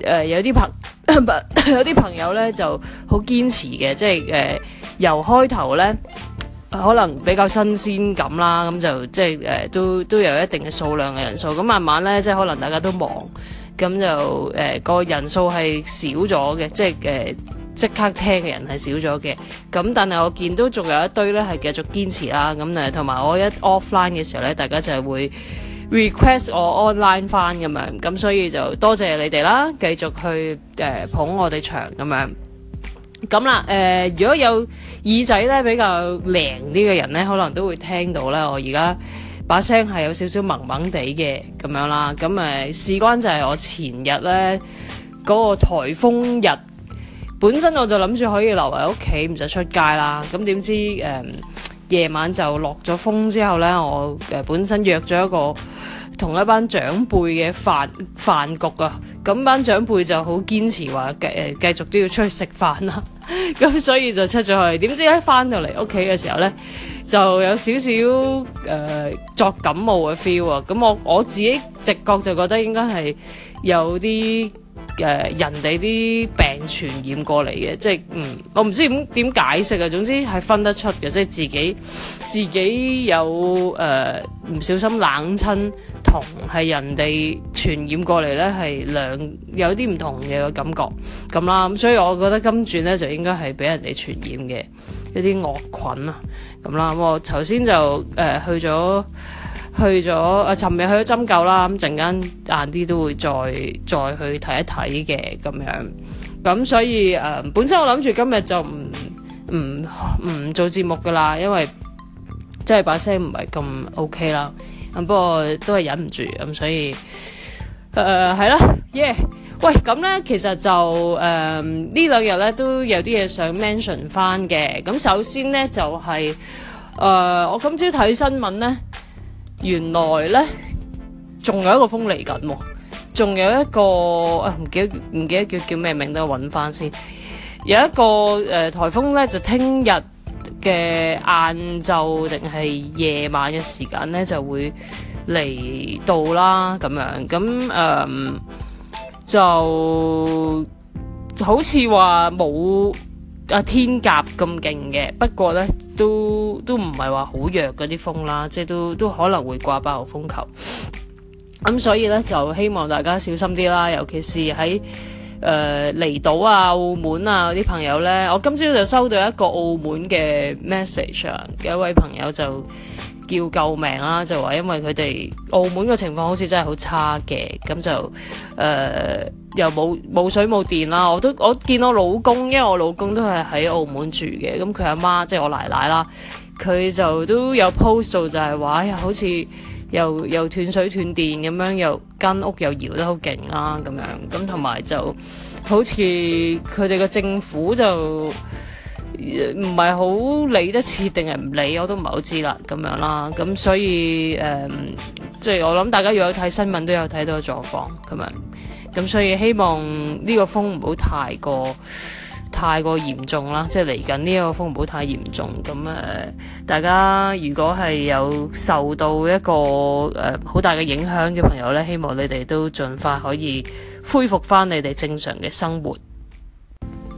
誒、呃、有啲朋有啲朋友咧就好堅持嘅，即係、呃、由開頭咧可能比較新鮮感啦，咁就即係、呃、都都有一定嘅數量嘅人數。咁慢慢咧即係可能大家都忙，咁就、呃、個人數係少咗嘅，即係、呃、即刻聽嘅人係少咗嘅。咁但係我見到仲有一堆咧係繼續堅持啦。咁同埋我一 offline 嘅時候咧，大家就係會 Request 我 online 翻，咁樣，咁所以就多謝你哋啦，繼續去誒、呃、捧我哋場咁樣，咁啦，誒、呃、如果有耳仔咧比較靈啲嘅人咧，可能都會聽到呢，我而家把聲係有少少蒙蒙地嘅咁樣啦，咁誒、呃、事關就係我前日咧嗰、那個颱風日，本身我就諗住可以留喺屋企唔使出街啦，咁點知誒。呃夜晚就落咗風之後呢，我誒本身約咗一個同一班長輩嘅飯飯局啊，咁班長輩就好堅持話繼續續都要出去食飯啦，咁所以就出咗去，點知一返到嚟屋企嘅時候呢，就有少少誒作感冒嘅 feel 啊，咁我我自己直覺就覺得應該係有啲。誒、呃、人哋啲病傳染過嚟嘅，即係嗯，我唔知點點解釋啊。總之係分得出嘅，即係自己自己有誒唔、呃、小心冷親同係人哋傳染過嚟咧，係兩有啲唔同嘅感覺咁啦。咁所以我覺得今轉咧就應該係俾人哋傳染嘅一啲惡菌啊，咁啦。嗯、我頭先就誒、呃、去咗。去咗啊！尋日去咗針灸啦，咁陣間晏啲都會再再去睇一睇嘅咁樣。咁所以誒，本身我諗住今日就唔唔唔做節目噶啦，因為真係把聲唔係咁 OK 啦。咁不過都係忍唔住咁，所以誒係啦，耶！喂，咁咧其實就誒呢兩日咧都有啲嘢想 mention 翻嘅。咁首先咧就係誒我今朝睇新聞咧。原來咧，仲有一個風嚟緊，啊，仲有一個誒，唔、啊、記唔記得叫叫咩名都揾翻先。有一個誒台，呃、風咧，就聽日嘅晏晝定係夜晚嘅時間咧，就會嚟到啦。咁樣咁誒、呃，就好似話冇。天鴿咁勁嘅，不過呢都都唔係話好弱嗰啲風啦，即係都都可能會掛八號風球。咁所以呢，就希望大家小心啲啦，尤其是喺誒、呃、離島啊、澳門啊嗰啲朋友呢。我今朝就收到一個澳門嘅 message，有一位朋友就叫救命啦、啊，就話因為佢哋澳門嘅情況好似真係好差嘅，咁就誒。呃又冇冇水冇電啦！我都我見我老公，因為我老公都係喺澳門住嘅，咁佢阿媽，媽即係我奶奶啦，佢就都有 post 到就，就係話好似又又斷水斷電咁樣，又間屋又搖得好勁啦咁樣咁，同埋就好似佢哋嘅政府就唔係、呃、好理得切，定係唔理我都唔係好知啦，咁樣啦，咁所以誒，即、嗯、係我諗大家如果有睇新聞都有睇到狀況咁樣。咁所以希望呢個風唔好太過太過嚴重啦，即係嚟緊呢一個風唔好太嚴重。咁誒、呃、大家如果係有受到一個誒好、呃、大嘅影響嘅朋友咧，希望你哋都盡快可以恢復翻你哋正常嘅生活。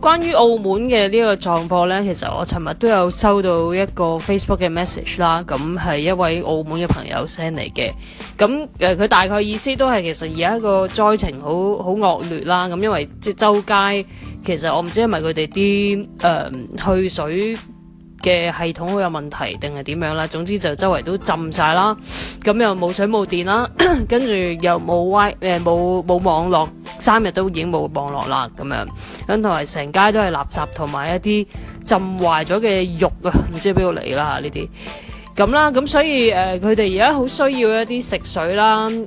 關於澳門嘅呢個狀況呢，其實我尋日都有收到一個 Facebook 嘅 message 啦，咁係一位澳門嘅朋友 send 嚟嘅，咁誒佢大概意思都係其實而家個災情好好惡劣啦，咁因為即周街，其實我唔知係咪佢哋啲誒去水。嘅系統好有問題定係點樣啦？總之就周圍都浸曬啦，咁又冇水冇電啦，跟住又冇 wifi，誒冇冇網絡，三日都已經冇網絡啦咁樣，咁同埋成街都係垃圾同埋一啲浸壞咗嘅肉啊，唔知邊度嚟啦呢啲咁啦，咁所以誒佢哋而家好需要一啲食水啦、誒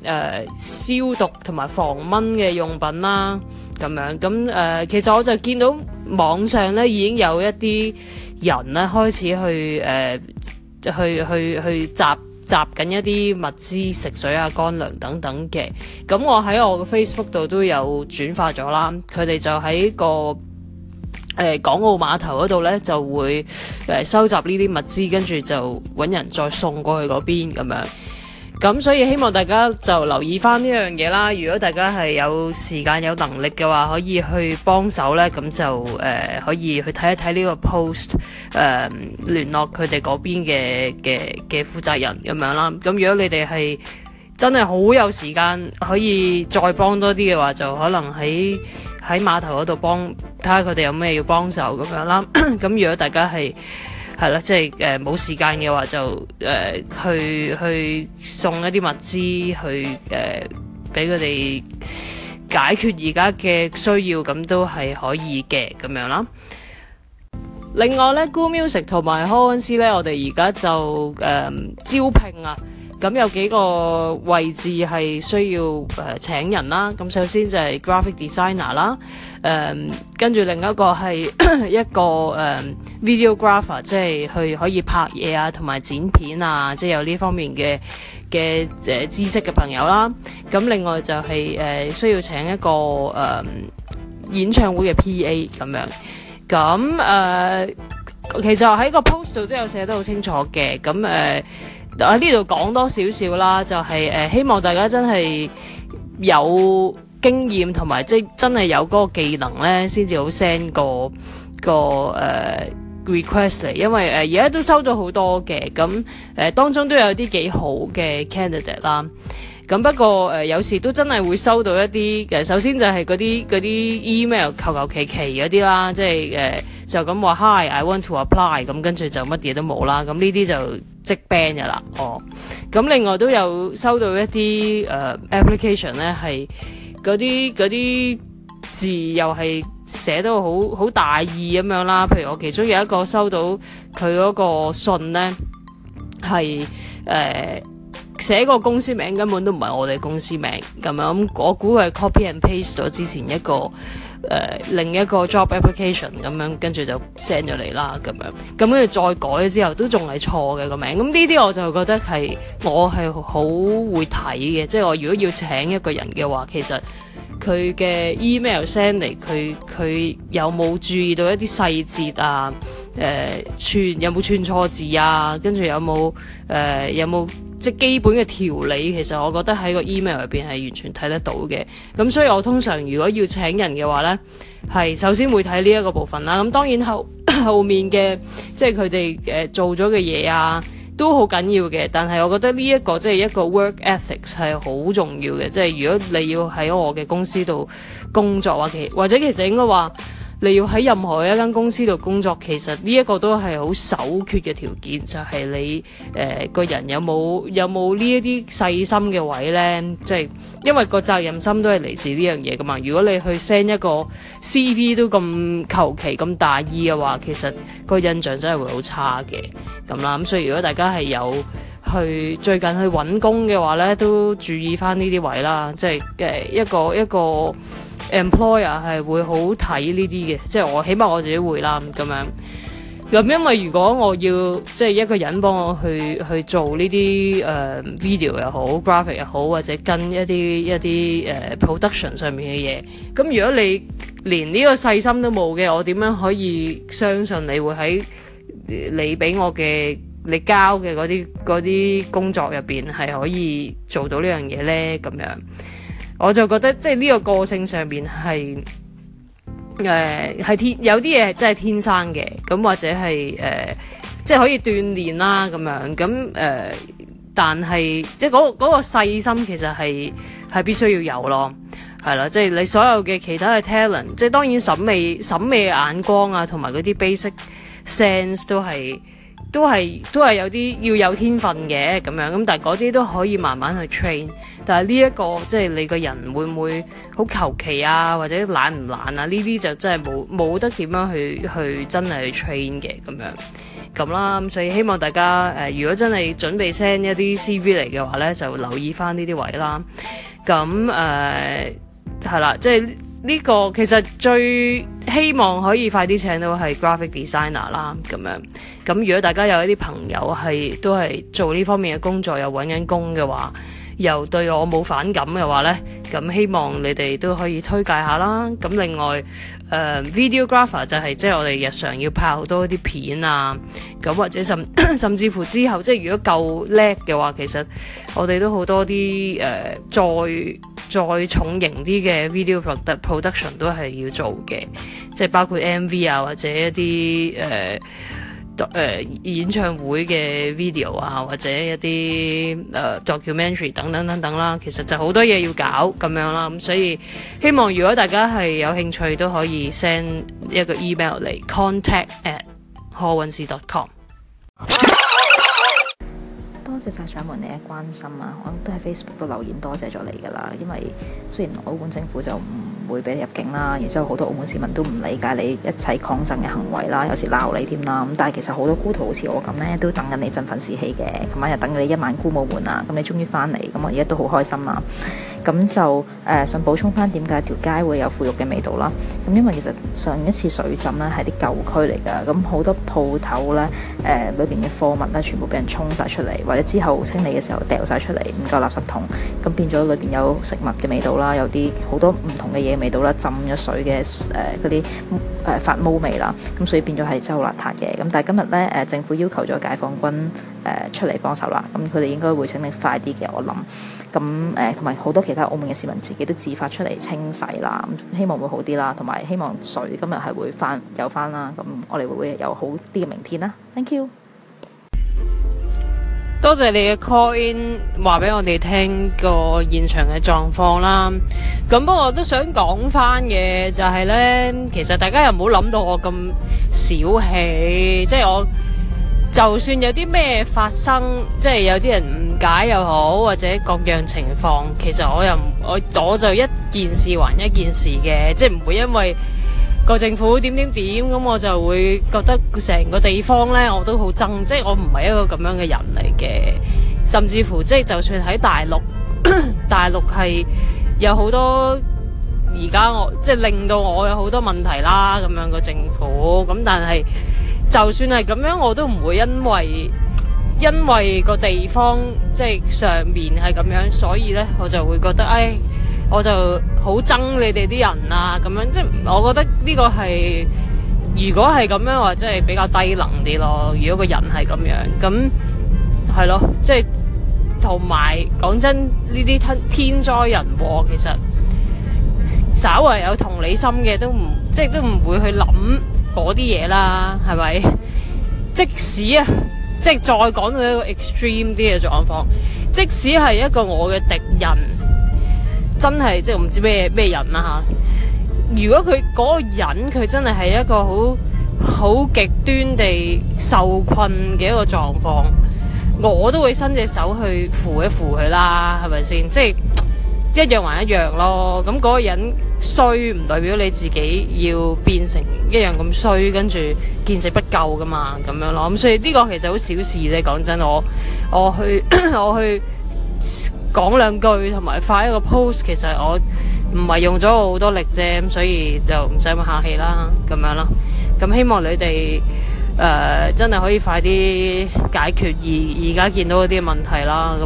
消毒同埋防蚊嘅用品啦咁樣咁誒，其實我就見到網上咧已經有一啲。人咧開始去誒、呃，去去去，去集集緊一啲物資、食水啊、乾糧等等嘅。咁我喺我嘅 Facebook 度都有轉發咗啦。佢哋就喺個誒、呃、港澳碼頭嗰度呢，就會、呃、收集呢啲物資，跟住就揾人再送過去嗰邊咁樣。咁所以希望大家就留意翻呢樣嘢啦。如果大家係有時間有能力嘅話，可以去幫手呢。咁就誒、呃、可以去睇一睇呢個 post，誒、呃、聯絡佢哋嗰邊嘅嘅嘅負責人咁樣啦。咁如果你哋係真係好有時間，可以再幫多啲嘅話，就可能喺喺碼頭嗰度幫睇下佢哋有咩要幫手咁樣啦。咁 如果大家係。係啦，即係誒冇時間嘅話就誒、呃、去去送一啲物資去誒俾佢哋解決而家嘅需要，咁都係可以嘅咁樣啦。另外咧 Goomusic 同埋 Coons 咧，我哋而家就誒、呃、招聘啊。咁有幾個位置係需要誒、呃、請人啦。咁首先就係 graphic designer 啦，誒跟住另一個係一個、呃、videographer 即係去可以拍嘢啊，同埋剪片啊，即係有呢方面嘅嘅知識嘅朋友啦。咁另外就係、是呃、需要請一個、呃、演唱會嘅 PA 咁樣。咁誒、呃、其實喺個 post 度都有寫得好清楚嘅。咁誒。呃喺呢度講多少少啦，就係誒希望大家真係有經驗同埋即係真係有嗰個技能咧，先至好 send 個個誒 request 嚟。因為誒而家都收咗好多嘅，咁誒當中都有啲幾好嘅 candidate 啦。咁不過誒有時都真係會收到一啲，首先就係嗰啲嗰啲 email 求求其其嗰啲啦，即係誒就咁話 hi，I want to apply，咁跟住就乜嘢都冇啦。咁呢啲就～即 ban 嘅啦，哦，咁另外都有收到一啲誒、呃、application 咧，係嗰啲嗰啲字又係寫到好好大意咁樣啦。譬如我其中有一個收到佢嗰個信咧，係、呃、誒寫個公司名根本都唔係我哋公司名咁樣，咁我估佢係 copy and paste 咗之前一個。誒、呃、另一個 job application 咁樣，跟住就 send 咗嚟啦，咁樣，咁跟住再改之後都仲係錯嘅個名，咁呢啲我就覺得係我係好會睇嘅。即係我如果要請一個人嘅話，其實佢嘅 email send 嚟，佢佢有冇注意到一啲細節啊？誒、呃、串有冇串錯字啊？跟住有冇誒有冇？呃有即基本嘅條理，其實我覺得喺個 email 入邊係完全睇得到嘅。咁所以我通常如果要請人嘅話呢，係首先會睇呢一個部分啦。咁當然後，後面嘅即係佢哋誒做咗嘅嘢啊，都好緊要嘅。但係我覺得呢一個即係一個 work ethics 係好重要嘅。即係如果你要喺我嘅公司度工作啊，或者其實應該話。你要喺任何一間公司度工作，其實呢一個都係好首缺嘅條件，就係你，呃，個人有冇有冇呢一啲細心嘅位呢？即係因為個責任心都係嚟自呢樣嘢噶嘛。如果你去 send 一個 CV 都咁求其咁大意嘅話，其實個印象真係會好差嘅咁啦。咁所以如果大家係有，去最近去揾工嘅話咧，都注意翻呢啲位啦。即係誒一個一個 employer 係會好睇呢啲嘅。即係我起碼我自己會啦咁樣。咁因為如果我要即係一個人幫我去去做呢啲誒 video 又好 graphic 又好，或者跟一啲一啲誒、呃、production 上面嘅嘢，咁如果你連呢個細心都冇嘅，我點樣可以相信你會喺你俾我嘅？你交嘅嗰啲嗰啲工作入面係可以做到樣呢樣嘢咧咁樣，我就覺得即係呢個個性上面係誒係天有啲嘢係真係天生嘅咁，或者係誒、呃、即係可以鍛鍊啦咁樣咁誒、呃，但係即係、嗰、嗰個嗰、嗰個、細心其實係係必須要有咯，係啦，即係你所有嘅其他嘅 talent，即係當然審美審美嘅眼光啊，同埋嗰啲 basic sense 都係。都係都係有啲要有天分嘅咁樣，咁但嗰啲都可以慢慢去 train。但係呢一個即係你個人會唔會好求其啊，或者懶唔懶啊？呢啲就真係冇冇得點樣去去真係去 train 嘅咁樣咁啦。咁所以希望大家，呃，如果真係準備 send 一啲 CV 嚟嘅話呢，就留意翻呢啲位啦。咁誒係啦，即係。呢個其實最希望可以快啲請到係 graphic designer 啦咁樣，咁如果大家有一啲朋友係都係做呢方面嘅工作，又揾緊工嘅話，又對我冇反感嘅話呢，咁希望你哋都可以推介下啦。咁另外。誒、uh, videographer 就係即係我哋日常要拍好多啲片啊，咁或者甚 甚至乎之後，即係如果夠叻嘅話，其實我哋都好多啲誒、uh, 再再重型啲嘅 video production 都係要做嘅，即係包括 MV 啊或者一啲誒。Uh 誒、呃、演唱會嘅 video 啊，或者一啲、呃、documentary 等等等等啦，其實就好多嘢要搞咁樣啦，咁所以希望如果大家係有興趣都可以 send 一個 email 嚟 contact at howins.com。多謝晒掌門你嘅關心啊，我都喺 Facebook 都留言多謝咗你㗎啦，因為雖然澳門政府就唔會俾你入境啦，然之後好多澳門市民都唔理解你一切抗爭嘅行為啦，有時鬧你添啦。咁但係其實好多菇徒好似我咁呢，都等緊你振奮士氣嘅。琴晚又等緊你一晚菇武門啊！咁你終於返嚟，咁我而家都好開心啊！咁就、呃、想補充翻點解條街會有腐肉嘅味道啦。咁因為其實上一次水浸呢係啲舊區嚟㗎，咁好多鋪頭呢，呃、裏邊嘅貨物呢全部俾人沖晒出嚟，或者之後清理嘅時候掉晒出嚟，唔夠垃圾桶，咁變咗裏面有食物嘅味道啦，有啲好多唔同嘅嘢味道啦，浸咗水嘅嗰啲誒發毛味啦，咁所以變咗係真係好邋遢嘅。咁但係今日呢、呃，政府要求咗解放軍、呃、出嚟幫手啦，咁佢哋應該會清理快啲嘅，我諗。咁同埋好多其他澳門嘅市民自己都自發出嚟清洗啦，咁希望會好啲啦，同埋希望水今日係會翻有翻啦，咁我哋會唔會有好啲嘅明天啦。Thank you，多謝你嘅 call in，話俾我哋聽個現場嘅狀況啦。咁不過我都想講翻嘅就係呢，其實大家又唔好諗到我咁小氣，即係我就算有啲咩發生，即係有啲人。解又好，或者各樣情況，其實我又唔我我就一件事還一件事嘅，即係唔會因為個政府點點點咁，我就會覺得成個地方呢，我都好憎，即係我唔係一個咁樣嘅人嚟嘅。甚至乎即係就算喺大陸， 大陸係有好多而家我即係令到我有好多問題啦，咁樣個政府咁，但係就算係咁樣，我都唔會因為，因為個地方即係、就是、上面係咁樣，所以呢，我就會覺得，誒，我就好憎你哋啲人啊，咁樣即係、就是、我覺得呢個係如果係咁樣的話，或者係比較低能啲咯。如果個人係咁樣，咁係咯，即係同埋講真，呢啲天災人禍，其實稍為有同理心嘅都唔即係都唔會去諗嗰啲嘢啦，係咪？即使啊。即係再講到一個 extreme 啲嘅狀況，即使係一個我嘅敵人，真係即係唔知咩咩人啦吓。如果佢嗰個人佢真係係一個好好極端地受困嘅一個狀況，我都會伸隻手去扶一扶佢啦，係咪先？即係。一樣還一樣咯，咁嗰個人衰唔代表你自己要變成一樣咁衰，跟住見識不夠噶嘛，咁樣咯。咁所以呢個其實好小事咧，講真，我我去 我去講兩句，同埋發一個 post，其實我唔係用咗好多力啫，咁所以就唔使咁客氣啦，咁樣咯。咁希望你哋誒、呃、真係可以快啲解決而而家見到嗰啲問題啦，咁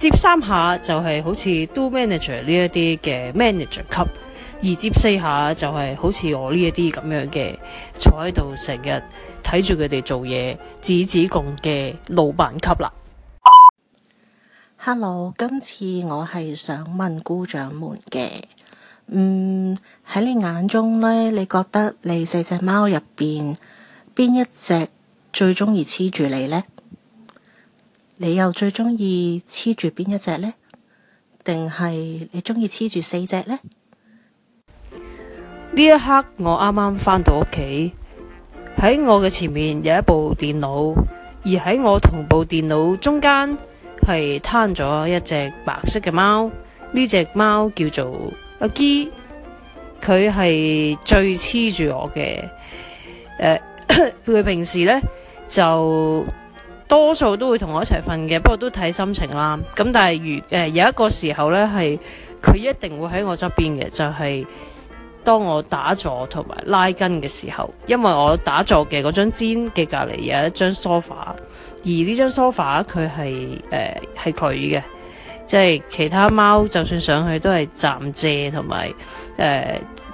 接三下就係好似 do manager 呢一啲嘅 manager 級，而接四下就係好似我呢一啲咁樣嘅坐喺度成日睇住佢哋做嘢指指共嘅老闆級啦。Hello，今次我係想問菇掌門嘅，嗯，喺你眼中呢，你覺得你四隻貓入邊邊一隻最中意黐住你呢？」你又最中意黐住邊一隻呢？定係你中意黐住四隻呢？呢一刻我啱啱翻到屋企，喺我嘅前面有一部電腦，而喺我同部電腦中間係攤咗一隻白色嘅貓。呢隻貓叫做阿基，佢係最黐住我嘅。誒、呃，佢 平時呢就。多數都會同我一齊瞓嘅，不過都睇心情啦。咁但係如、呃、有一個時候呢，係佢一定會喺我側邊嘅，就係、是、當我打坐同埋拉筋嘅時候，因為我打坐嘅嗰張氈嘅隔離有一張梳化，而呢張梳化佢係誒係佢嘅，即係、呃就是、其他貓就算上去都係暫借同埋誒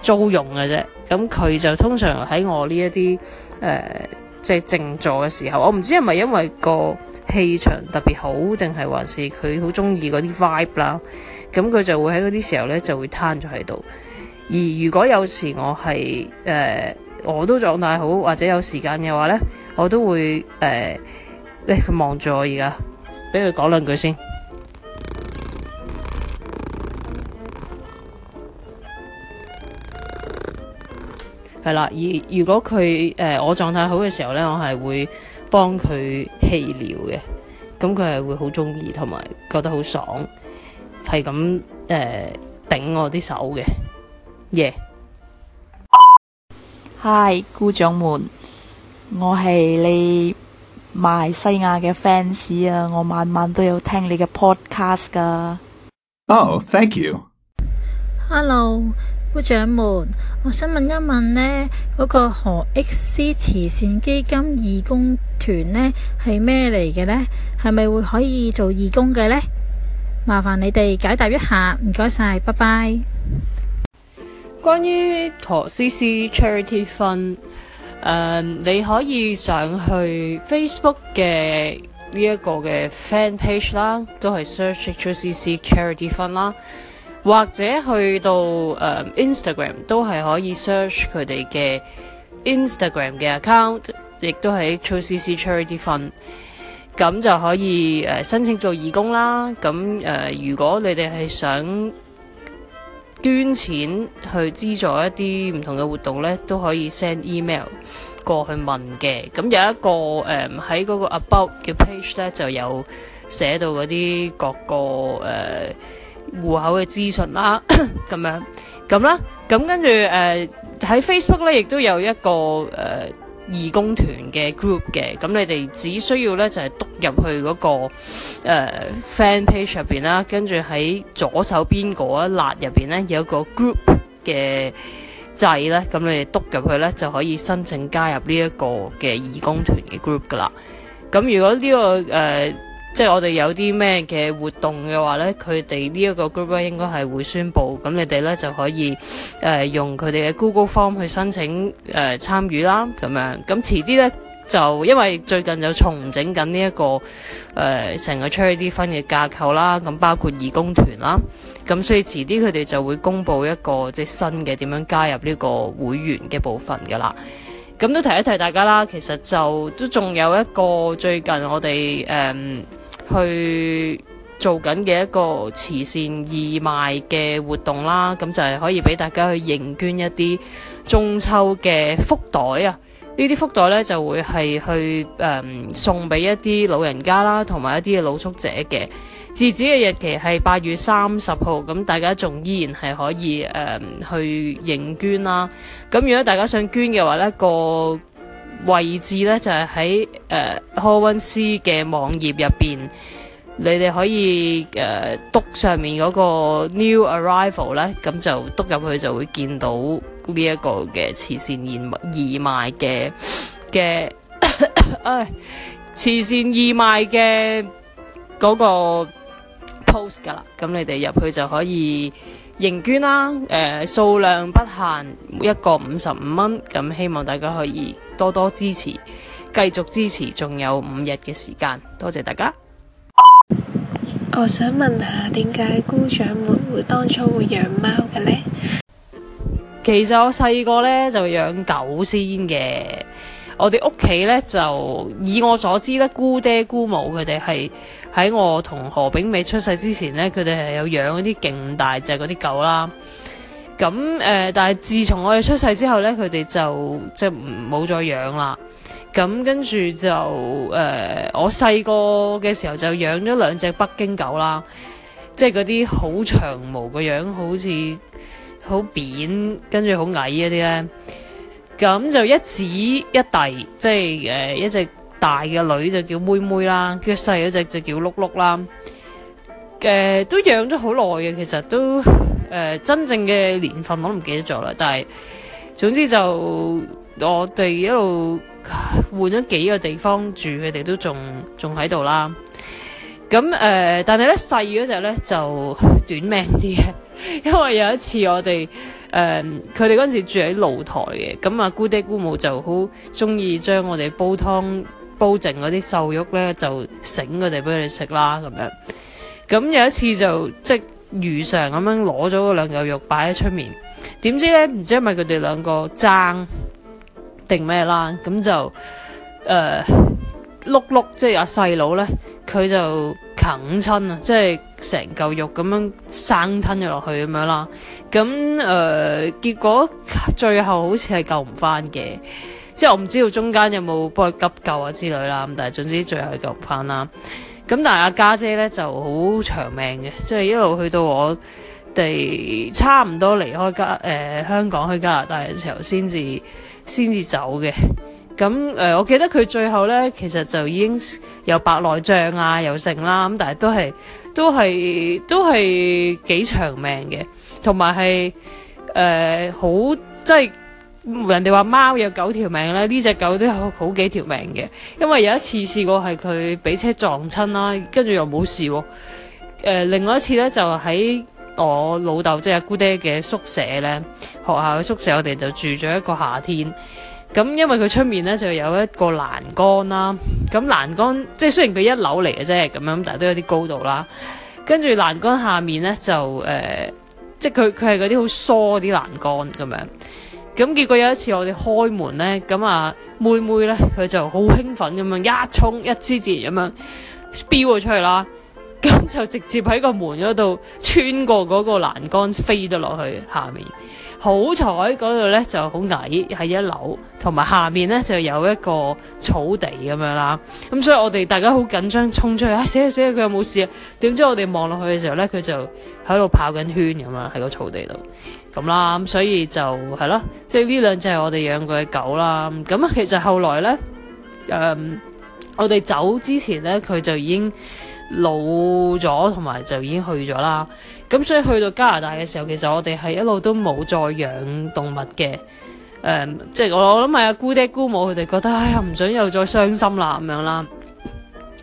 租用嘅啫。咁佢就通常喺我呢一啲誒。呃即係靜坐嘅時候，我唔知係咪因為個氣場特別好，定係還是佢好中意嗰啲 vibe 啦。咁佢就會喺嗰啲時候呢就會攤咗喺度。而如果有時我係誒、呃、我都狀態好或者有時間嘅話呢，我都會誒佢望住我而家，俾佢講兩句先。係啦，而如果佢誒、呃、我狀態好嘅時候呢，我係會幫佢棄料嘅，咁佢係會好中意同埋覺得好爽，係咁誒頂我啲手嘅耶。Yeah. Hi，菇掌門，我係你馬來西亞嘅 fans 啊，我晚晚都有聽你嘅 podcast 噶。Oh, thank you. Hello. 部長們，我想問一問呢嗰、嗰個何 X 慈善基金義工團呢係咩嚟嘅呢？係咪會可以做義工嘅呢？麻煩你哋解答一下，唔該晒，拜拜。關於何 X X Charity Fund 誒，你可以上去 Facebook 嘅呢一個嘅 Fan Page 啦，都係 Search 出 X X Charity Fund 啦。或者去到、嗯、Instagram 都係可以 search 佢哋嘅 Instagram 嘅 account，亦都喺 True CC Charity Fund，咁就可以、呃、申請做義工啦。咁、呃、如果你哋係想捐錢去資助一啲唔同嘅活動呢，都可以 send email 過去問嘅。咁有一個誒喺嗰個 about 嘅 page 呢，就有寫到嗰啲各個、呃戶口嘅資訊啦，咁 樣咁啦，咁跟住誒喺 Facebook 咧，亦都有一個誒、呃、義工團嘅 group 嘅，咁你哋只需要咧就係督入去嗰、那個、呃、fan page 入面啦，跟住喺左手邊嗰一欄入面咧有個個 group 嘅掣咧，咁你哋督入去咧就可以申請加入呢一個嘅義工團嘅 group 噶啦。咁如果呢、這個誒，呃即係我哋有啲咩嘅活動嘅話呢，佢哋呢一個 group 咧應該係會宣佈，咁你哋呢就可以誒、呃、用佢哋嘅 Google Form 去申請誒參與啦，咁樣。咁遲啲呢，就因為最近就重整緊呢一個誒成、呃、個 c a v i d 分嘅架構啦，咁包括義工團啦，咁所以遲啲佢哋就會公布一個即係新嘅點樣加入呢個會員嘅部分噶啦。咁都提一提大家啦，其實就都仲有一個最近我哋誒。嗯去做緊嘅一個慈善義賣嘅活動啦，咁就係可以俾大家去認捐一啲中秋嘅福袋啊！呢啲福袋呢，就會係去、嗯、送俾一啲老人家啦，同埋一啲嘅露宿者嘅截止嘅日期係八月三十號，咁大家仲依然係可以、嗯、去認捐啦。咁如果大家想捐嘅話呢、呢個位置咧就係喺誒 c o e 嘅網頁入邊，你哋可以誒督、uh, 上面嗰個 New Arrival 咧，咁就督入去就會見到呢一個嘅慈善義義賣嘅嘅 慈善義賣嘅嗰個 post 噶啦。咁你哋入去就可以認捐啦。誒、uh, 數量不限，一個五十五蚊。咁希望大家可以。多多支持，繼續支持，仲有五日嘅時間，多謝大家。我想問下，點解菇掌門當初會養貓嘅呢？其實我細個呢，就養狗先嘅，我哋屋企呢，就以我所知咧，菇爹菇母佢哋係喺我同何炳美出世之前呢，佢哋係有養嗰啲勁大隻嗰啲狗啦。咁誒、呃，但係自從我哋出世之後咧，佢哋就即係冇再養啦。咁跟住就誒、呃，我細個嘅時候就養咗兩隻北京狗啦，即係嗰啲好長毛個樣，好似好扁，跟住好矮嗰啲咧。咁就一指一弟，即係呃，一隻大嘅女就叫妹妹啦，跟住細嗰隻就叫碌碌啦。誒、呃，都養咗好耐嘅，其實都。誒，真正嘅年份我都唔記得咗啦，但係總之就我哋一路換咗幾個地方住，佢哋都仲仲喺度啦。咁誒，但係咧細嗰隻咧就短命啲，因為有一次我哋誒，佢哋嗰陣時住喺露台嘅。咁啊姑爹姑母就好中意將我哋煲湯煲剩嗰啲瘦肉咧，就醒佢哋俾佢哋食啦咁樣。咁有一次就即係。如常咁樣攞咗嗰兩嚿肉擺喺出面，點知咧唔知係咪佢哋兩個爭定咩啦？咁就誒碌碌即係阿細佬咧，佢就哽親啊，即係成嚿肉咁樣生吞咗落去咁樣啦。咁誒、呃、結果最後好似係救唔翻嘅，即係我唔知道中間有冇幫佢急救啊之類啦。咁但係總之最後係救唔翻啦。咁但係阿家姐咧就好長命嘅，即、就、係、是、一路去到我哋差唔多離開加、呃、香港去加拿大嘅時候，先至先至走嘅。咁誒、呃，我記得佢最後咧，其實就已經有白內障啊，又剩啦。咁但係都係都係都係幾長命嘅，同埋係誒好即係。呃人哋話貓有九條命咧，呢隻狗都有好幾條命嘅。因為有一次試過係佢俾車撞親啦，跟住又冇事喎、呃。另外一次呢，就喺我老豆即係阿姑爹嘅宿舍呢，學校嘅宿舍，我哋就住咗一個夏天。咁因為佢出面呢，就有一個欄杆啦，咁欄杆即係雖然佢一樓嚟嘅啫咁樣，但係都有啲高度啦。跟住欄杆下面呢，就誒、呃，即係佢佢係嗰啲好疏啲欄杆咁樣。咁結果有一次我哋開門咧，咁啊妹妹咧佢就好興奮咁樣一衝一枝箭咁樣飆咗出去啦，咁就直接喺個門嗰度穿過嗰個欄杆飛咗落去下面。好彩嗰度咧就好矮，喺一樓，同埋下面咧就有一個草地咁樣啦。咁所以我哋大家好緊張，衝出去啊！死啊死啊！佢有冇事啊？點知我哋望落去嘅時候咧，佢就喺度跑緊圈咁樣喺個草地度。咁啦，咁所以就係咯，即係呢兩隻係我哋養過嘅狗啦。咁其實後來呢，誒、嗯，我哋走之前呢，佢就已經老咗，同埋就已經去咗啦。咁所以去到加拿大嘅時候，其實我哋係一路都冇再養動物嘅。誒、嗯，即係我諗係阿姑爹姑母佢哋覺得，哎呀，唔想又再傷心啦，咁樣啦。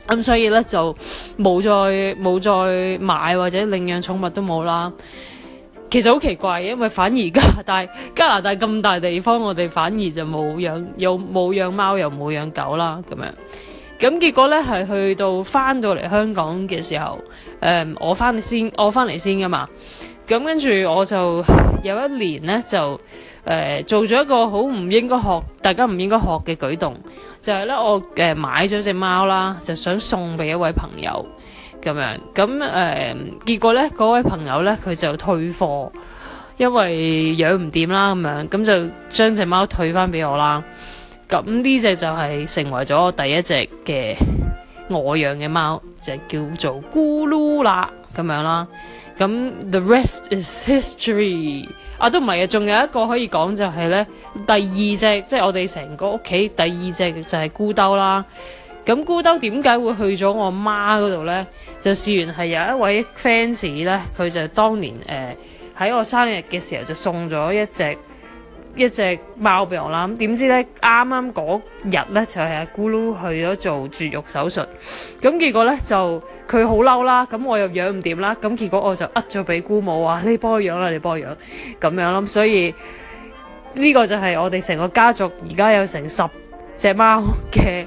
咁所以呢，就冇再冇再買或者領養寵物都冇啦。其實好奇怪嘅，因為反而加拿大，但加拿大咁大地方，我哋反而就冇養，又冇養貓，又冇養狗、狗啦，咁樣。咁結果呢係去到翻到嚟香港嘅時候，誒、呃，我翻先，我翻嚟先噶嘛。咁跟住我就有一年呢，就誒、呃、做咗一個好唔應該學，大家唔應該學嘅舉動，就係、是、呢。我誒、呃、買咗隻貓啦，就想送俾一位朋友。咁樣，咁誒、嗯，結果呢，嗰位朋友呢，佢就退貨，因為養唔掂啦，咁樣，咁就將隻貓退翻俾我啦。咁呢隻就係成為咗第一隻嘅我養嘅貓，就叫做咕嚕啦，咁樣啦。咁 The rest is history。啊，都唔係嘅，仲有一個可以講就係呢，第二隻，即係我哋成個屋企第二隻就係咕兜啦。咁孤兜點解會去咗我媽嗰度咧？就試完係有一位 fans 咧，佢就當年誒喺我生日嘅時候就送咗一隻一隻貓俾我啦。咁點知咧，啱啱嗰日咧就係阿咕嚕去咗做絕育手術，咁結果咧就佢好嬲啦。咁我又養唔掂啦，咁結果我就呃咗俾姑母話：呢波養啦，你幫我養咁樣囉。所以呢個就係我哋成個家族而家有成十隻貓嘅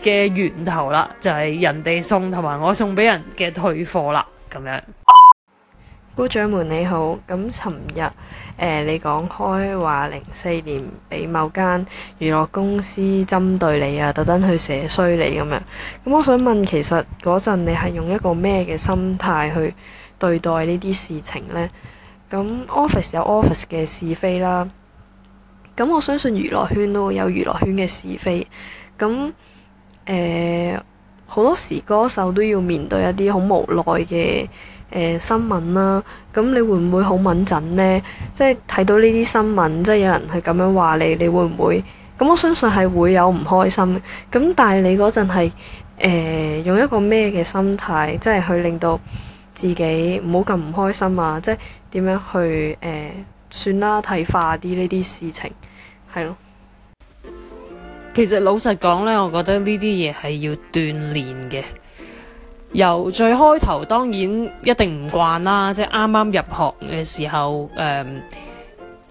嘅源頭啦，就係人哋送同埋我送俾人嘅退貨啦，咁樣。菇掌門你好，咁尋日誒，你講開話零四年俾某間娛樂公司針對你啊，特登去寫衰你咁樣。咁我想問，其實嗰陣你係用一個咩嘅心態去對待呢啲事情呢？咁 office 有 office 嘅是非啦，咁我相信娛樂圈都會有娛樂圈嘅是非咁。誒、呃，好多時歌手都要面對一啲好無奈嘅誒、呃、新聞啦，咁你會唔會好敏感呢？即係睇到呢啲新聞，即係有人係咁樣話你，你會唔會？咁我相信係會有唔開心嘅。咁但係你嗰陣係誒用一個咩嘅心態，即係去令到自己唔好咁唔開心啊？即係點樣去誒、呃、算啦，睇化啲呢啲事情，係咯。其實老實講呢，我覺得呢啲嘢係要鍛煉嘅。由最開頭，當然一定唔慣啦，即係啱啱入學嘅時候，誒、嗯，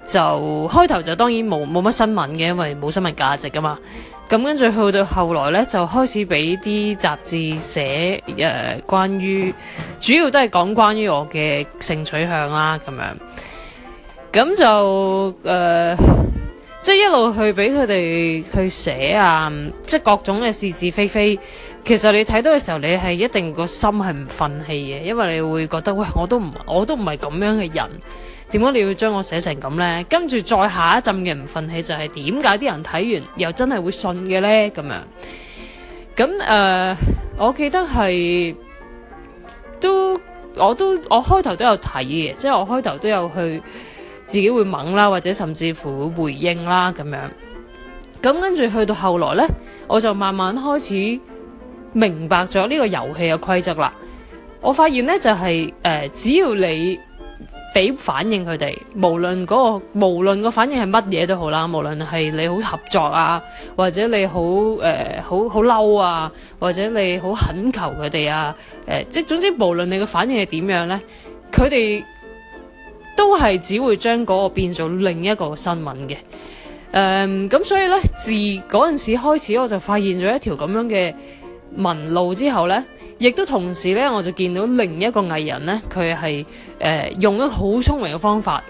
就開頭就當然冇冇乜新聞嘅，因為冇新聞價值噶嘛。咁跟住去到後來呢，就開始俾啲雜誌寫誒、呃、關於，主要都係講關於我嘅性取向啦，咁樣。咁就誒。呃即係一路去俾佢哋去寫啊，即係各種嘅是是非非。其實你睇到嘅時候，你係一定個心係唔忿氣嘅，因為你會覺得喂，我都唔我都唔係咁樣嘅人，點解你要將我寫成咁呢？跟住再下一陣嘅唔忿氣就係點解啲人睇完又真係會信嘅呢？咁樣咁誒，我記得係都我都我開頭都有睇嘅，即係我開頭都有去。自己會猛啦，或者甚至乎會回應啦咁樣。咁跟住去到後來呢，我就慢慢開始明白咗呢個遊戲嘅規則啦。我發現呢，就係、是、誒、呃，只要你俾反應佢哋，無論嗰、嗰個無論個反應係乜嘢都好啦，無論係你好合作啊，或者你好誒好好嬲啊，或者你好懇求佢哋啊，誒、呃、即係總之無論你嘅反應係點樣呢，佢哋，都係只會將嗰個變做另一個新聞嘅，誒，咁所以呢，自嗰陣時開始，我就發現咗一條咁樣嘅紋路之後呢，亦都同時呢，我就見到另一個藝人呢，佢係誒用一個好聰明嘅方法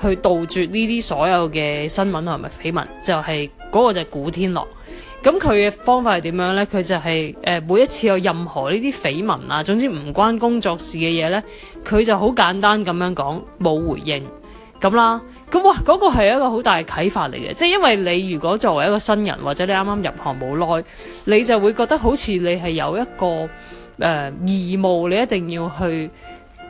去杜絕呢啲所有嘅新聞同埋緋聞，就係、是、嗰個就係古天樂。咁佢嘅方法係點樣呢？佢就係、是、誒、呃，每一次有任何呢啲緋聞啊，總之唔關工作事嘅嘢呢，佢就好簡單咁樣講冇回應咁啦。咁哇，嗰、那個係一個好大嘅啟發嚟嘅，即係因為你如果作為一個新人或者你啱啱入行冇耐，你就會覺得好似你係有一個誒、呃、義務，你一定要去。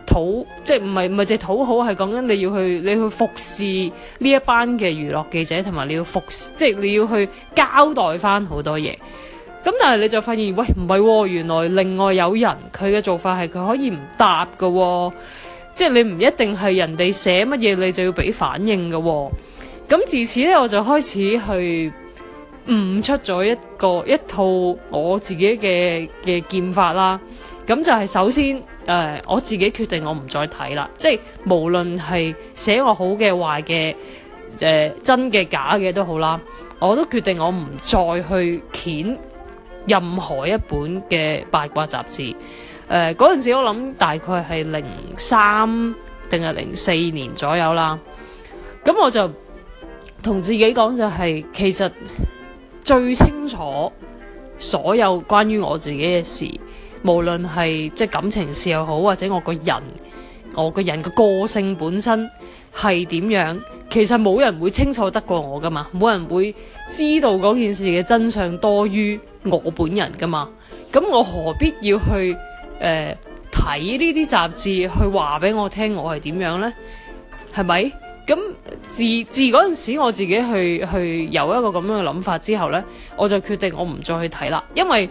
討即係唔係唔係即係討好，係講緊你要去，你要去服侍呢一班嘅娛樂記者，同埋你要服侍，即係你要去交代翻好多嘢。咁但係你就發現，喂唔係、哦，原來另外有人佢嘅做法係佢可以唔答嘅、哦，即係你唔一定係人哋寫乜嘢你就要俾反應嘅、哦。咁自此咧，我就開始去悟出咗一個一套我自己嘅嘅劍法啦。咁就係首先。誒、呃，我自己決定我唔再睇啦，即係無論係寫我好嘅、壞嘅、誒、呃、真嘅、假嘅都好啦，我都決定我唔再去揭任何一本嘅八卦雜誌。嗰、呃、陣時我諗大概係零三定係零四年左右啦。咁我就同自己講就係、是，其實最清楚所有關於我自己嘅事。無論係即係感情事又好，或者我個人，我個人嘅個性本身係點樣，其實冇人會清楚得過我噶嘛，冇人會知道嗰件事嘅真相多於我本人噶嘛。咁我何必要去誒睇呢啲雜誌去話俾我聽我係點樣呢？係咪？咁自自嗰陣時我自己去去有一個咁樣嘅諗法之後呢，我就決定我唔再去睇啦，因為。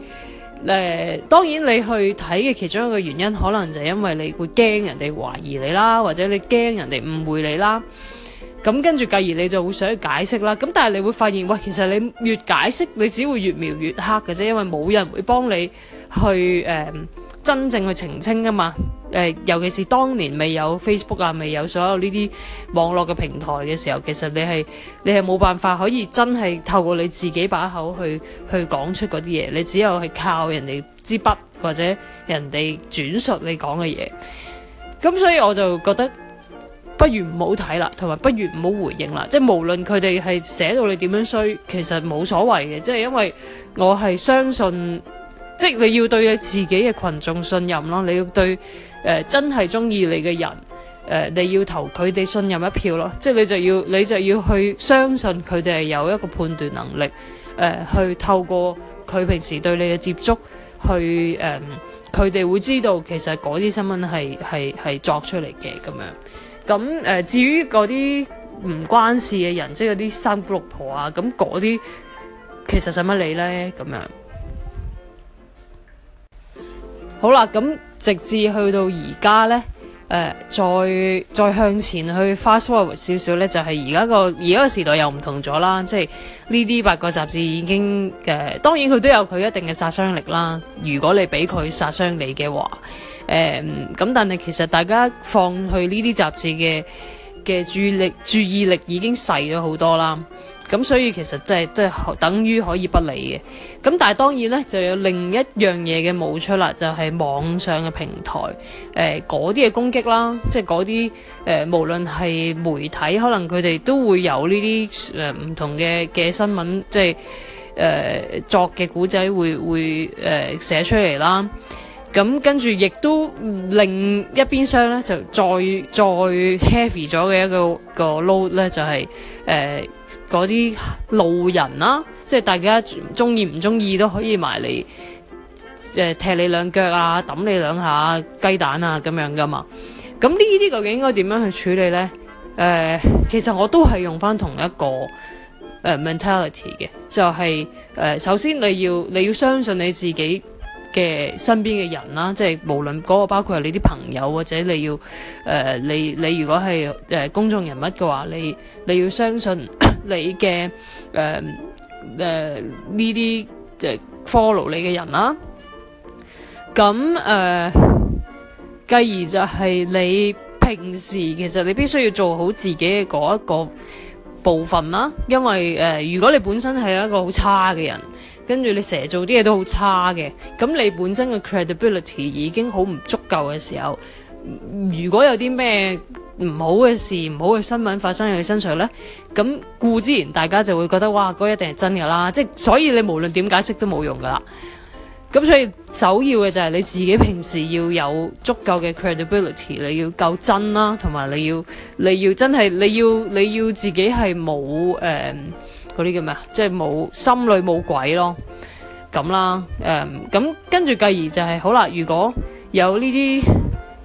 誒、呃，當然你去睇嘅其中一個原因，可能就係因為你會驚人哋懷疑你啦，或者你驚人哋誤會你啦。咁跟住繼而你就會想去解釋啦。咁但係你會發現，喂、呃，其實你越解釋，你只會越描越黑嘅啫，因為冇人會幫你去誒。呃真正去澄清啊嘛，誒，尤其是當年未有 Facebook 啊，未有所有呢啲網絡嘅平台嘅時候，其實你係你係冇辦法可以真係透過你自己把口去去講出嗰啲嘢，你只有係靠人哋支筆或者人哋轉述你講嘅嘢。咁所以我就覺得，不如唔好睇啦，同埋不如唔好回應啦。即係無論佢哋係寫到你點樣衰，其實冇所謂嘅，即係因為我係相信。即係你要對你自己嘅群眾信任咯，你要對誒、呃、真係中意你嘅人，誒、呃、你要投佢哋信任一票咯。即係你就要你就要去相信佢哋係有一個判斷能力，誒、呃、去透過佢平時對你嘅接觸，去誒佢哋會知道其實嗰啲新聞係係係作出嚟嘅，咁樣。咁誒、呃、至於嗰啲唔關事嘅人，即係嗰啲三姑六婆啊，咁嗰啲其實使乜你咧，咁樣。好啦，咁直至去到而家咧，誒、呃，再再向前去，fast forward 少少咧，就係而家個而家個時代又唔同咗啦。即係呢啲八卦雜誌已經誒、呃，當然佢都有佢一定嘅殺傷力啦。如果你俾佢殺傷你嘅話，誒、呃，咁但係其實大家放去呢啲雜誌嘅嘅注意力注意力已經細咗好多啦。咁所以其實真係都係等於可以不理嘅。咁但係當然咧，就有另一樣嘢嘅冒出，就是呃、啦，就係網上嘅平台，誒嗰啲嘅攻擊啦，即係嗰啲誒，無論係媒體，可能佢哋都會有呢啲誒唔同嘅嘅新聞，即係誒作嘅古仔會會誒寫、呃、出嚟啦。咁跟住亦都另一邊廂咧，就再再 heavy 咗嘅一個一個 load 咧，就係、是、誒。呃嗰啲路人啦、啊，即係大家中意唔中意都可以埋嚟，誒、呃、踢你兩腳啊，抌你兩下雞、啊、蛋啊，咁樣噶嘛。咁呢啲究竟應該點樣去處理咧？誒、呃，其實我都係用翻同一個誒、呃、mentality 嘅，就係、是、誒、呃、首先你要你要相信你自己嘅身邊嘅人啦、啊，即、就、係、是、無論嗰、那個包括係你啲朋友或者你要誒、呃、你你如果係誒公眾人物嘅話，你你要相信。你嘅誒誒呢啲 follow 你嘅人啦、啊，咁誒，呃、繼而就係你平時其實你必須要做好自己嘅嗰一個部分啦、啊，因為、呃、如果你本身係一個好差嘅人，跟住你成日做啲嘢都好差嘅，咁你本身嘅 credibility 已經好唔足夠嘅時候，如果有啲咩唔好嘅事，唔好嘅新聞發生喺你身上呢，咁固之然大家就會覺得哇，嗰一定係真噶啦，即係所以你無論點解釋都冇用噶啦。咁所以首要嘅就係你自己平時要有足夠嘅 credibility，你要夠真啦，同埋你要你要真係你要你要自己係冇誒嗰啲叫咩即係冇心裏冇鬼咯咁啦。誒咁跟住繼而就係好啦，如果有呢啲。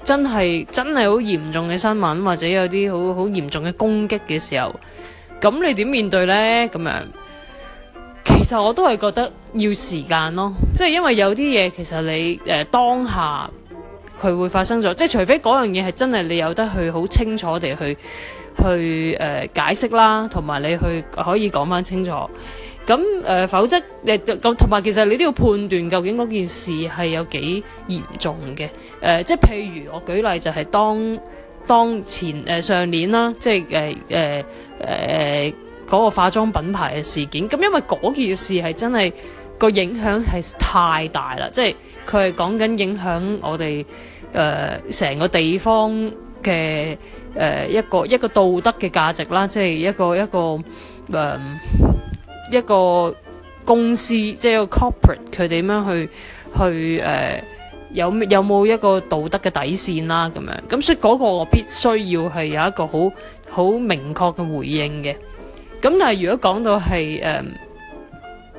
真係真係好嚴重嘅新聞，或者有啲好好嚴重嘅攻擊嘅時候，咁你點面對呢？咁樣，其實我都係覺得要時間咯，即係因為有啲嘢，其實你誒、呃、當下佢會發生咗，即係除非嗰樣嘢係真係你有得去好清楚地去去誒、呃、解釋啦，同埋你去可以講翻清楚。咁誒，否則誒，咁同埋其實你都要判斷究竟嗰件事係有幾嚴重嘅。誒，即係譬如我舉例就係當當前誒上年啦，即係誒誒誒嗰個化妝品牌嘅事件。咁因為嗰件事係真係個影響係太大啦，即係佢係講緊影響我哋誒成個地方嘅誒一個一個道德嘅價值啦，即係一個一個誒。一個公司即係、就是、一個 corporate，佢點樣去去誒、呃、有有冇一個道德嘅底線啦、啊？咁樣，咁所以嗰個我必須要係有一個好好明確嘅回應嘅。咁但係如果講到係誒、呃、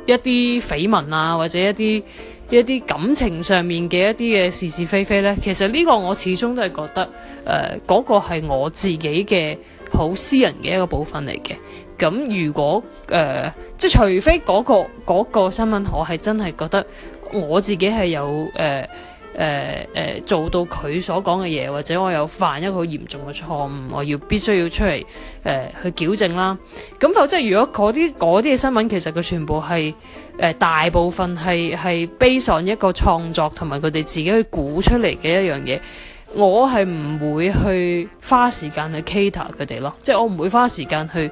一啲緋聞啊，或者一啲一啲感情上面嘅一啲嘅是是非非呢，其實呢個我始終都係覺得誒嗰、呃、那個係我自己嘅好私人嘅一個部分嚟嘅。咁如果誒、呃，即除非嗰、那個嗰、那個、新聞，我係真係覺得我自己係有誒誒、呃呃、做到佢所講嘅嘢，或者我有犯一個嚴重嘅錯誤，我要必須要出嚟誒、呃、去矯正啦。咁否則如果嗰啲嗰啲嘅新聞，其實佢全部係誒、呃、大部分係係 base 上一個創作，同埋佢哋自己去估出嚟嘅一樣嘢。我係唔會去花時間去 cater 佢哋咯，即係我唔會花時間去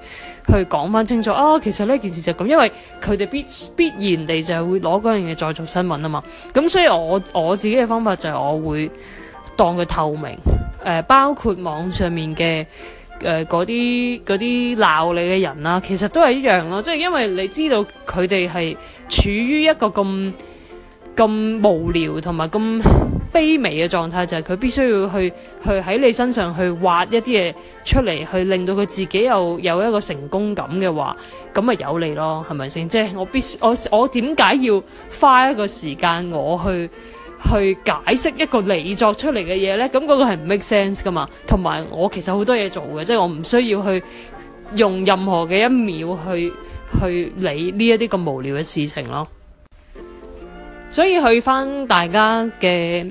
去講翻清楚啊。其實呢件事就咁，因為佢哋必必然地就係會攞嗰樣嘢再做新聞啊嘛。咁所以我我自己嘅方法就係我會當佢透明。誒，包括網上面嘅嗰啲嗰啲鬧你嘅人啦，其實都係一樣咯。即係因為你知道佢哋係處於一個咁咁無聊同埋咁卑微嘅狀態就係、是、佢必須要去去喺你身上去挖一啲嘢出嚟，去令到佢自己又有一個成功感嘅話，咁咪有你咯，係咪先？即、就、係、是、我必須，我我點解要花一個時間我去去解釋一個你作出嚟嘅嘢呢？咁、那、嗰個係唔 make sense 噶嘛？同埋我其實好多嘢做嘅，即、就、係、是、我唔需要去用任何嘅一秒去去理呢一啲咁無聊嘅事情咯。所以去翻大家嘅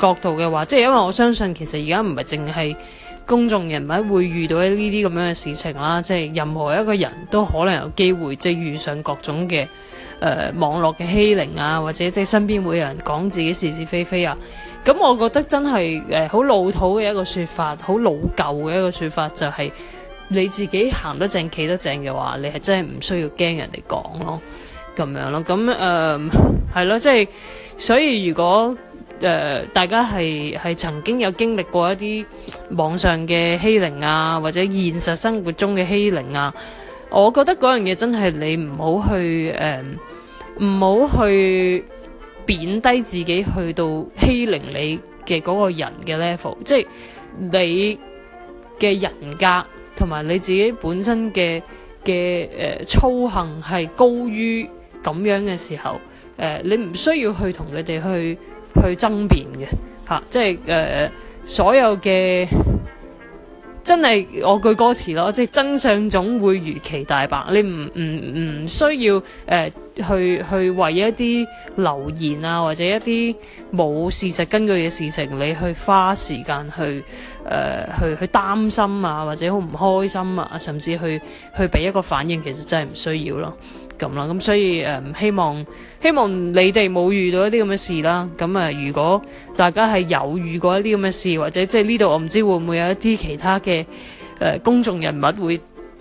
角度嘅話，即係因為我相信其實而家唔係淨係公眾人物會遇到呢啲咁樣嘅事情啦，即係任何一個人都可能有機會，即係遇上各種嘅誒、呃、網絡嘅欺凌啊，或者即係身邊會有人講自己是是非非啊。咁我覺得真係誒好老土嘅一個說法，好老舊嘅一個說法，就是，就係你自己行得正企得正嘅話，你係真係唔需要驚人哋講咯。咁樣咯，咁誒係咯，即係所以，如果誒、呃、大家係係曾經有經歷過一啲網上嘅欺凌啊，或者現實生活中嘅欺凌啊，我覺得嗰樣嘢真係你唔好去誒，唔好去貶低自己，去到欺凌你嘅嗰個人嘅 level，即係你嘅人格同埋你自己本身嘅嘅誒操行係高於。咁樣嘅時候，呃、你唔需要去同佢哋去去爭辯嘅、啊、即係、呃、所有嘅真係我句歌詞咯，即係真相總會如期大白。你唔唔唔需要、呃、去去為一啲流言啊，或者一啲冇事實根據嘅事情，你去花時間去誒、呃、去去擔心啊，或者好唔開心啊，甚至去去俾一個反應，其實真係唔需要咯。咁啦，咁所以誒、嗯，希望希望你哋冇遇到一啲咁嘅事啦。咁啊，如果大家係有遇過一啲咁嘅事，或者即係呢度，就是、我唔知會唔會有一啲其他嘅誒、呃、公眾人物會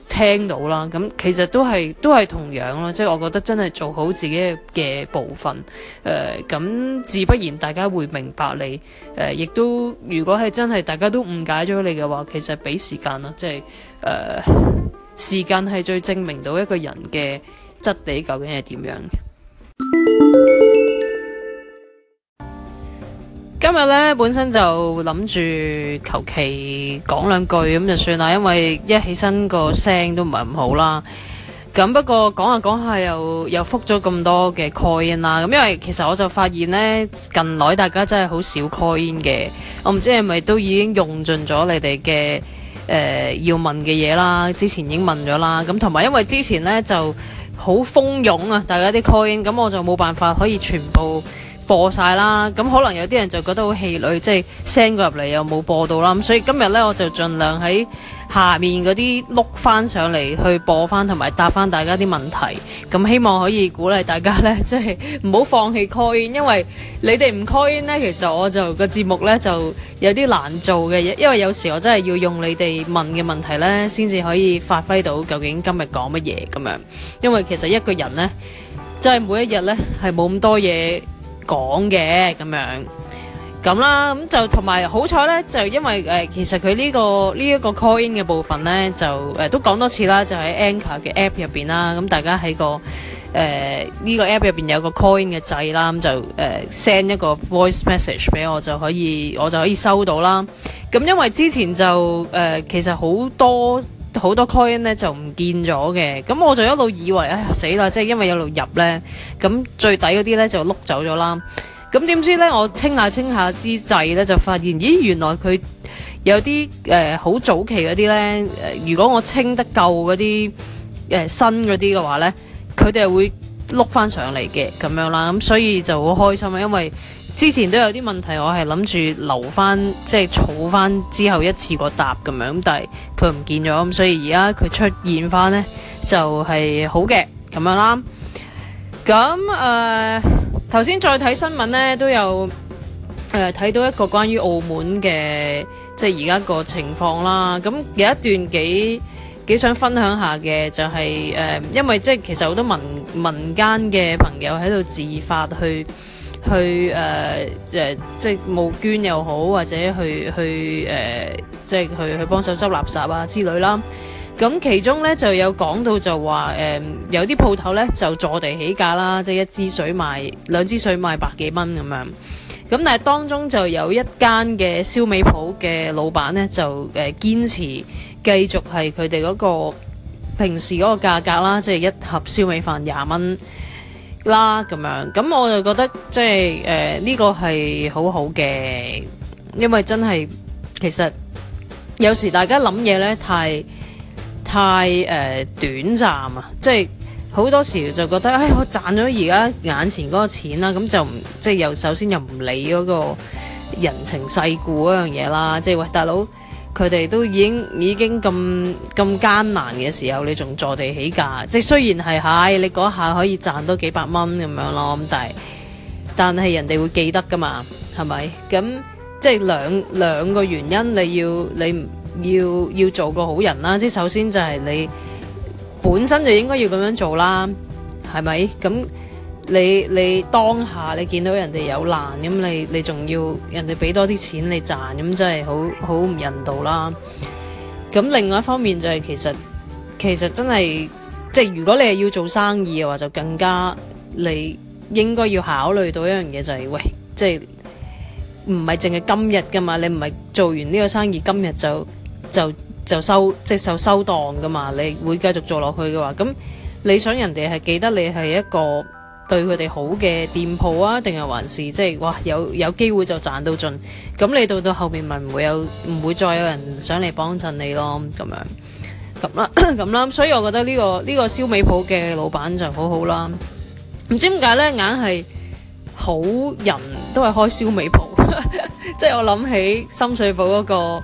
聽到啦。咁其實都係都係同樣啦，即係我覺得真係做好自己嘅部分誒，咁、呃、自不然大家會明白你誒。亦、呃、都如果係真係大家都誤解咗你嘅話，其實俾時間啦，即係誒時間係最證明到一個人嘅質地究竟係點樣？今日呢，本身就諗住求其講兩句咁就算啦。因為一起身個聲都唔係咁好啦。咁不過講下講下又又覆咗咁多嘅 call in 啦。咁因為其實我就發現呢，近來大家真係好少 call in 嘅。我唔知係咪都已經用盡咗你哋嘅誒要問嘅嘢啦。之前已經問咗啦。咁同埋因為之前呢，就，好蜂擁啊！大家啲 call in，咁我就冇辦法可以全部播晒啦。咁可能有啲人就覺得好氣餒，即係 send 過入嚟又冇播到啦。咁所以今日呢，我就盡量喺。下面嗰啲碌翻上嚟去播翻，同埋答翻大家啲問題，咁希望可以鼓勵大家呢，即係唔好放棄 call in，因為你哋唔 call in 咧，其實我就、個節目呢就有啲難做嘅，因為有時我真係要用你哋問嘅問題呢先至可以發揮到究竟今日講乜嘢咁樣。因為其實一個人呢，即係每一日呢係冇咁多嘢講嘅咁樣。咁啦，咁就同埋好彩呢，就因為誒、呃，其實佢呢、這個呢一、這個 call-in 嘅部分呢，就誒、呃、都講多次啦、呃這個、啦，就喺 Anchor 嘅 app 入面啦。咁大家喺個誒呢個 app 入面有個 call-in 嘅掣啦，咁就誒 send 一個 voice message 俾我就可以，我就可以收到啦。咁因為之前就誒、呃、其實好多好多 call-in 呢就唔見咗嘅，咁我就一路以為唉死啦，即係因為一路入呢，咁最底嗰啲呢就碌走咗啦。咁點知咧？我清下清下之際咧，就發現咦，原來佢有啲誒好早期嗰啲咧。如果我清得夠嗰啲誒新嗰啲嘅話咧，佢哋會碌翻上嚟嘅咁樣啦。咁所以就好開心啊，因為之前都有啲問題，我係諗住留翻即係儲翻之後一次過答咁樣，但係佢唔見咗，所以而家佢出現翻咧就係、是、好嘅咁樣啦。咁誒。呃頭先再睇新聞咧，都有誒睇、呃、到一個關於澳門嘅即係而家個情況啦。咁有一段幾幾想分享一下嘅，就係、是、誒、呃，因為即係其實好多民民間嘅朋友喺度自發去去誒誒、呃，即係募捐又好，或者去去誒、呃，即係去去幫手執垃圾啊之類啦。咁其中呢就有講到就話、嗯、有啲鋪頭呢就坐地起價啦，即、就是、一支水賣，兩支水賣百幾蚊咁樣。咁但係當中就有一間嘅燒味鋪嘅老闆呢，就誒、呃、堅持繼續係佢哋嗰個平時嗰個價格啦，即、就、係、是、一盒燒味飯廿蚊啦咁樣。咁我就覺得即係呢個係好好嘅，因為真係其實有時大家諗嘢呢，太～太誒、呃、短暫啊！即係好多時就覺得，誒我賺咗而家眼前嗰個錢啦，咁就即係又首先又唔理嗰個人情世故嗰樣嘢啦。即係喂大佬，佢哋都已經已經咁咁艱難嘅時候，你仲坐地起價？即係雖然係係你嗰下可以賺多幾百蚊咁樣咯，咁但係但係人哋會記得噶嘛？係咪？咁即係兩兩個原因你要，你要你。要要做個好人啦，即係首先就係你本身就應該要咁樣做啦，係咪？咁你你當下你見到人哋有難，咁你你仲要人哋俾多啲錢你賺，咁真係好好唔人道啦。咁另外一方面就係其實其實真係即係如果你係要做生意嘅話，就更加你應該要考慮到一樣嘢就係、是、喂，即係唔係淨係今日噶嘛？你唔係做完呢個生意今日就。就就收即係就收檔噶嘛，你會繼續做落去嘅話，咁你想人哋係記得你係一個對佢哋好嘅店鋪啊，定係還是即係哇有有機會就賺到盡，咁你到到後面咪唔會有唔會再有人想嚟幫襯你咯，咁樣咁啦咁啦，所以我覺得呢、呢個呢、呢個燒味鋪嘅老闆就好好啦，唔知點解呢硬係好人都係開燒味鋪，即 係我諗起深水埗嗰、嗰個。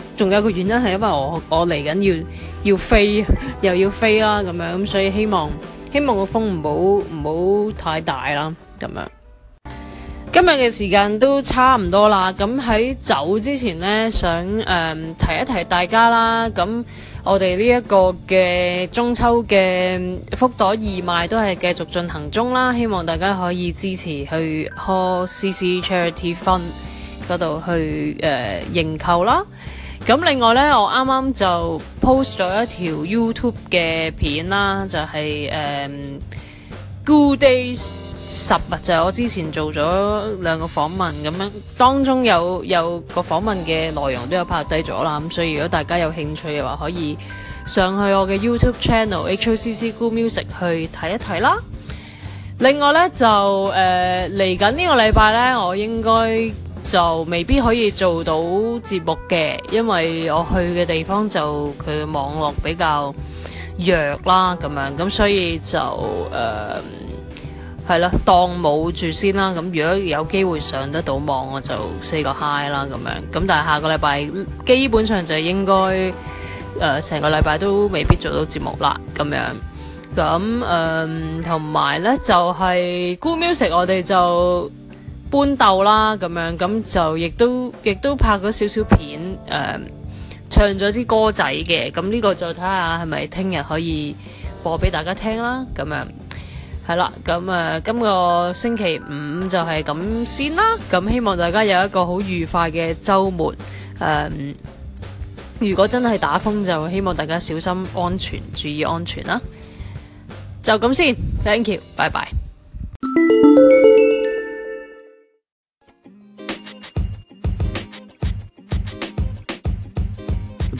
仲有一個原因係，因為我我嚟緊要要飛，又要飛啦咁樣，所以希望希望個風唔好唔好太大啦咁樣。今日嘅時間都差唔多啦，咁喺走之前呢，想誒、呃、提一提大家啦。咁我哋呢一個嘅中秋嘅福袋義賣都係繼續進行中啦，希望大家可以支持去 CC Charity Fund 嗰度去誒認、呃、購啦。咁另外呢，我啱啱就 post 咗一條 YouTube 嘅片啦，就係、是、誒、um, Good Days 十日，就係我之前做咗兩個訪問咁樣，當中有有個訪問嘅內容都有拍低咗啦，咁所以如果大家有興趣嘅話，可以上去我嘅 YouTube channel HCC Good Music 去睇一睇啦。另外呢，就誒嚟緊呢個禮拜呢，我應該就未必可以做到節目嘅，因為我去嘅地方就佢嘅網絡比較弱啦，咁樣咁所以就誒係、呃、啦，當冇住先啦。咁如果有機會上得到網，我就 say 個 hi 啦，咁樣。咁但係下個禮拜基本上就應該誒成個禮拜都未必做到節目啦，咁樣。咁誒同埋呢就係 Good Music，我哋就。搬豆啦咁樣，咁就亦都亦都拍咗少少片，誒唱咗啲歌仔嘅，咁呢個就睇下係咪聽日可以播俾大家聽啦，咁樣係啦，咁啊今個星期五就係咁先啦，咁希望大家有一個好愉快嘅週末，誒如果真係打風就希望大家小心安全，注意安全啦，就咁先，thank you，拜拜。